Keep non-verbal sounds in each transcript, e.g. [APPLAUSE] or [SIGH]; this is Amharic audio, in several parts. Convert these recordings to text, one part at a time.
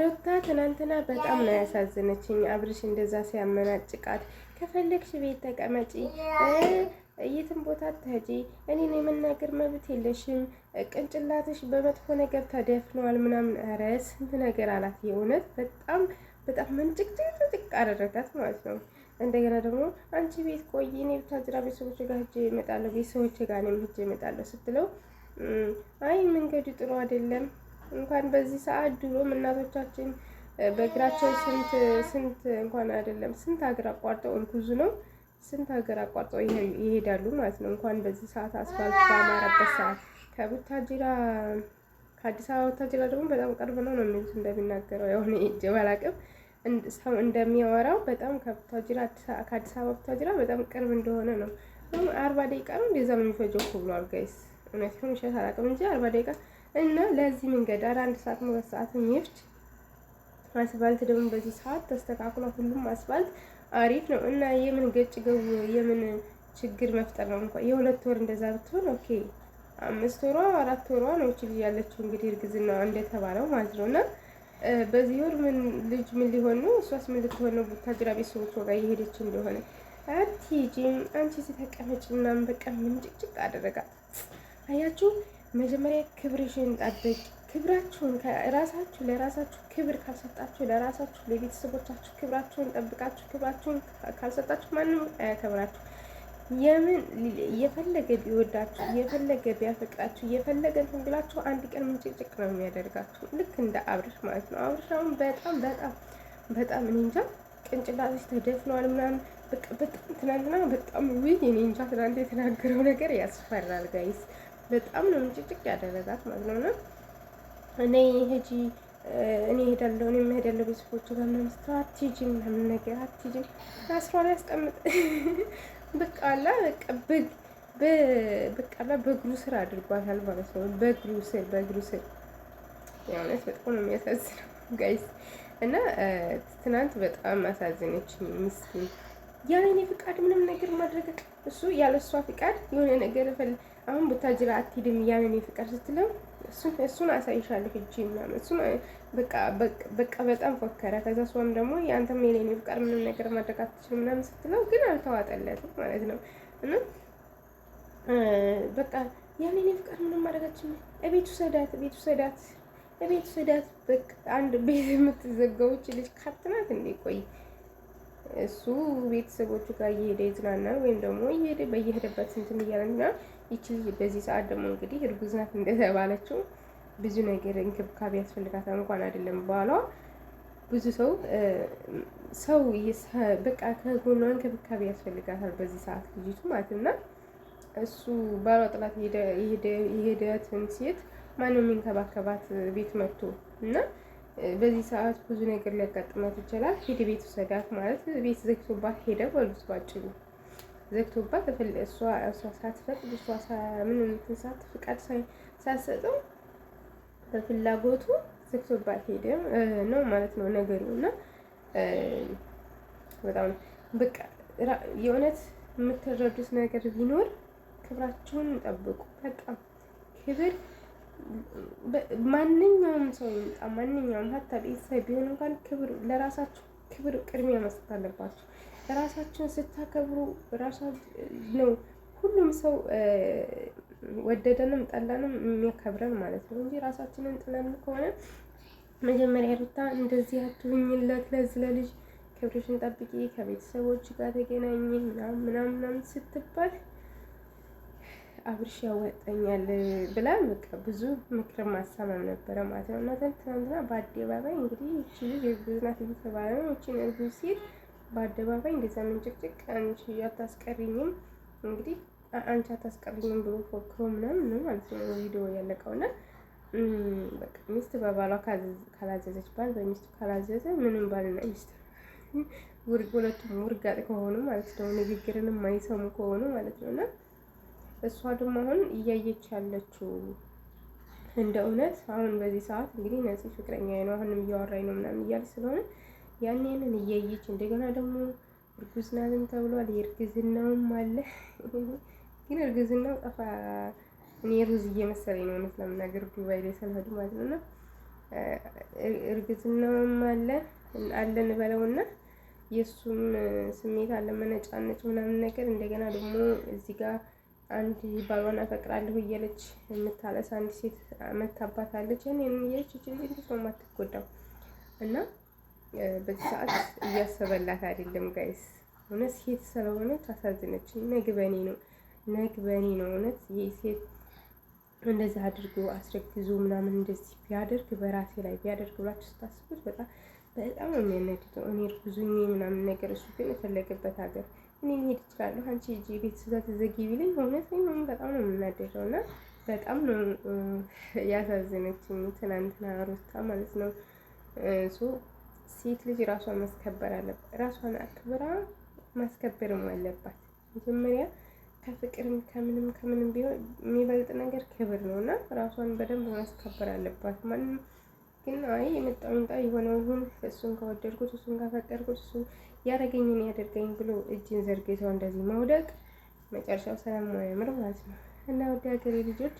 ሩታ ትናንትና በጣም ነው ያሳዘነችኝ። አብርሽ እንደዛ ሲያመናጭቃት ከፈለግሽ ቤት ተቀመጪ፣ የትም ቦታ አትሄጂ፣ እኔን የመናገር መብት የለሽም፣ ቅንጭላትሽ በመጥፎ ነገር ተደፍነዋል ምናምን፣ ኧረ ስንት ነገር አላት። የእውነት በጣም በጣም መንጭቅጭቅጭቅ አደረጋት ማለት ነው። እንደገና ደግሞ አንቺ ቤት ቆይ፣ እኔ ብታጅራ ቤተሰቦች ጋር ሂጅ እመጣለሁ፣ ቤተሰቦች ጋር እኔም ሂጅ እመጣለሁ ስትለው አይ መንገዱ ጥሩ አይደለም እንኳን በዚህ ሰዓት ድሮም እናቶቻችን በእግራቸው ስንት ስንት እንኳን አይደለም ስንት ሀገር አቋርጠው እርጉዝ ነው ስንት ሀገር አቋርጠው ይሄዳሉ ማለት ነው። እንኳን በዚህ ሰዓት አስፋልት ባማረበት ሰዓት ከቡታጅራ ከአዲስ አበባ ቡታጅራ ደግሞ በጣም ቅርብ ነው ነው የሚሉት እንደሚናገረው የሆነ ጀባል አቅም ሰው እንደሚያወራው በጣም ከቡታጅራ ከአዲስ አበባ ቡታጅራ በጣም ቅርብ እንደሆነ ነው። አርባ ደቂቃ ነው እንደዛ ነው የሚፈጀው ብሏል ጋይስ። እውነት ሆን ውሸት አላቅም እንጂ አርባ ደቂቃ እና ለዚህ መንገድ አረ አንድ ሰዓት ሁለት ሰዓት ይፍጅ። አስፋልት ደግሞ በዚህ ሰዓት ተስተካክሎ ሁሉም አስፋልት አሪፍ ነው እና የምን ገጭ ገቡ የምን ችግር መፍጠር ነው እንኳን የሁለት ወር እንደዛ ብትሆን ኦኬ አምስት ወሯ አራት ወሯ ነው እቺ ያለችው እንግዲህ እርግዝና እንደተባለው ማለት ነው እና በዚህ ወር ምን ልጅ ምን ሊሆን ነው? እሷስ ምን ልትሆን ነው? ቡታጅራ ቤተሰቦቿ ጋር የሄደች እንደሆነ አትሂጂም አንቺ ተቀመጭ ምናምን በቃ ምን ጭቅጭቅ አደረጋት። አያችሁ መጀመሪያ ክብርሽን ጠብቂ። ክብራችሁን ራሳችሁ ለራሳችሁ ክብር ካልሰጣችሁ ለራሳችሁ ለቤተሰቦቻችሁ ክብራችሁን ጠብቃችሁ ክብራችሁን ካልሰጣችሁ ማንም አያከብራችሁ። የምን እየፈለገ ቢወዳችሁ የፈለገ ቢያፈቅራችሁ እየፈለገ እንትን ብላችሁ አንድ ቀን ምንጭቅጭቅ ነው የሚያደርጋችሁ። ልክ እንደ አብርሽ ማለት ነው። አብርሽ አሁን በጣም በጣም በጣም እኔ እንጃ ቅንጭላቶች ተደፍነዋል ምናምን በጣም ትናንትና በጣም ውይ እኔ እንጃ ትናንት የተናገረው ነገር ያስፈራል ጋይስ በጣም ነው ጭጭቅ ያደረጋት ማለት ነው። እና እኔ ሂጂ እኔ እሄዳለሁ እኔ የምሄዳለሁ ቤተሰቦቹ ጋር ምናምን ስትለው አትሂጂም ምናምን ነገር አትሂጂም አስሯን ያስቀምጥ [LAUGHS] በቃላ በቃ በግ በቃላ በእግሩ ስር አድርጓታል ማለት ነው። በእግሩ ስር በእግሩ ስር የእውነት በጣም ነው የሚያሳዝነው ጋይስ። እና ትናንት በጣም አሳዘነች ምስኪን ያለ እኔ ፍቃድ ምንም ነገር ማድረግ እሱ ያለ እሷ ፍቃድ የሆነ ነገር ፈል አሁን ቡታጅራ አትሂድም ያለ እኔ ፍቃድ ስትለው እሱን አሳይሻለሁ እጅ ምናምን እሱን በቃ በጣም ፎከረ። ከዛ እሷም ደግሞ የአንተም የሌኔ ፍቃድ ምንም ነገር ማድረግ አትችልም ምናምን ስትለው ግን አልተዋጠለትም ማለት ነው እና በቃ ያለ እኔ ፍቃድ ምንም ማድረግ አትችልም፣ እቤቱ ሰዳት፣ እቤቱ ሰዳት፣ እቤቱ ሰዳት። በቃ አንድ ቤት የምትዘጋው ልጅ ካፕትናት እንዴ ቆይ እሱ ቤተሰቦቹ ጋር እየሄደ ይዝናናል፣ ወይም ደግሞ እየሄደ በየሄደበት እንትን እያለና ይቺ በዚህ ሰዓት ደግሞ እንግዲህ እርጉዝ ናት እንደተባለችው ብዙ ነገር እንክብካቤ ያስፈልጋታል። እንኳን አይደለም በኋላ ብዙ ሰው ሰው በቃ ከጎኗ እንክብካቤ ያስፈልጋታል በዚህ ሰዓት ልጅቱ ማለት እና እሱ ባሏ ጥላት የሄደትን ሴት ማንም የሚንከባከባት ቤት መጥቶ እና በዚህ ሰዓት ብዙ ነገር ሊያጋጥማት ይችላል። ሂድ ቤት ውሰዳት ማለት ቤት ዘግቶባት ሄደ በሉት ባጭሩ። ዘግቶባት እሷ እሷ ሳትፈቅድ እሷ ምን ምንም ትንሳት ፍቃድ ሳትሰጠው በፍላጎቱ ዘግቶባት ሄደ ነው ማለት ነው ነገሩ እና በጣም በቃ የእውነት የምትረዱት ነገር ቢኖር ክብራችሁን ጠብቁ። በጣም ክብር ማንኛውም ሰው ይምጣ ማንኛውም ሀታ ቤተሰብ ቢሆን እንኳን ክብር ለራሳችሁ ክብር ቅድሚያ መስጠት አለባችሁ። ራሳችሁን ስታከብሩ ራሳ ነው ሁሉም ሰው ወደደንም ጠላንም የሚያከብረን ማለት ነው እንጂ ራሳችንን ጥለን ከሆነ መጀመሪያ ሩታ እንደዚህ አትሁኝለት ለዚህ ለልጅ ክብርሽን ጠብቂ፣ ከቤተሰቦች ጋር ተገናኝ ምናምን ምናምን ስትባል አብርሽ ያወጠኛል ብላ በቃ ብዙ ምክር ማሳመም ነበረ ማለት ነው። እና ትናንትና በአደባባይ እንግዲህ እቺ ልጅ እርጉዝ ናት እየተባለ ነው። እቺን እርጉዝ ሴት በአደባባይ እንደዛ ምንጭቅጭቅ አንቺ አታስቀሪኝም እንግዲህ አንቺ አታስቀሪኝም ብሎ ፎክሮ ምናምን ነው ማለት ነው ቪዲዮ ያለቀውና በቃ ሚስት በባሏ ካላዘዘች ባል በሚስቱ ካላዘዘ ምንም ባልና ሚስት ሁለቱም ውርጋጥ ከሆኑ ማለት ነው፣ ንግግርን የማይሰሙ ከሆኑ ማለት ነው እና እሷ ደግሞ አሁን እያየች ያለችው እንደ እውነት አሁን በዚህ ሰዓት እንግዲህ ነፂ ፍቅረኛ ነው አሁንም እያወራኝ ነው ምናምን እያለ ስለሆነ ያንንን እያየች እንደገና ደግሞ እርጉዝ ናትም ተብሏል። የእርግዝናውም አለ [LAUGHS] ግን እርግዝናው ጠፋ። እኔ ሩዝ እየመሰለኝ ነው እውነት ለምናገር ዱባይ ላይ ስለሄዱ ማለት ነው። እና እርግዝናውም አለ አለ እንበለውና የእሱም ስሜት አለ መነጫነጭ ምናምን ነገር እንደገና ደግሞ እዚህ ጋር አንድ ባሏን አፈቅራለሁ እያለች የምታለስ አንድ ሴት መታባታለች። ያን እያለች እች ልጅ እንዴት ነው የማትጎዳው? እና በዚህ ሰዓት እያሰበላት አይደለም ጋይስ። እውነት ሴት ስለሆነች አሳዝነች። ነግበኔ ነው ነግበኔ ነው እውነት። ይህ ሴት እንደዚህ አድርጎ አስረግዞ ምናምን እንደዚህ ቢያደርግ በራሴ ላይ ቢያደርግ ብላችሁ ስታስቡት በጣም በጣም ነው የሚያነድተው። እኔ እርጉዙኝ ምናምን ነገር እሱ ግን የፈለገበት ሀገር እኔ መሄድ እችላለሁ፣ አንቺ ሂጂ፣ ቤት ስዛት ዘግቢልኝ። በእውነት እኔም በጣም ነው የምናደደው እና በጣም ነው ያሳዘነችኝ ትናንትና ሩታ ማለት ነው። እሱ ሴት ልጅ ራሷን ማስከበር አለባት፣ ራሷን አክብራ ማስከበርም አለባት። መጀመሪያ ከፍቅርም ከምንም ከምንም ቢሆን የሚበልጥ ነገር ክብር ነው እና ራሷን በደንብ ማስከበር አለባት። ማንም ግን አይ የመጣው ይምጣ የሆነው ይሁን፣ እሱን ከወደድኩት፣ እሱን ካፈቀርኩት፣ እሱን ያረገኝን ያደርገኝ ብሎ እጅን ዘርግቶ እንደዚህ መውደቅ መጨረሻው ያምር ማለት ነው። እና ወደ ሀገሬ ልጆች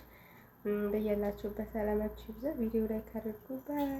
በያላችሁበት ሰላማችሁ ይብዛ። ቪዲዮ ላይ ካደርጉ ባይ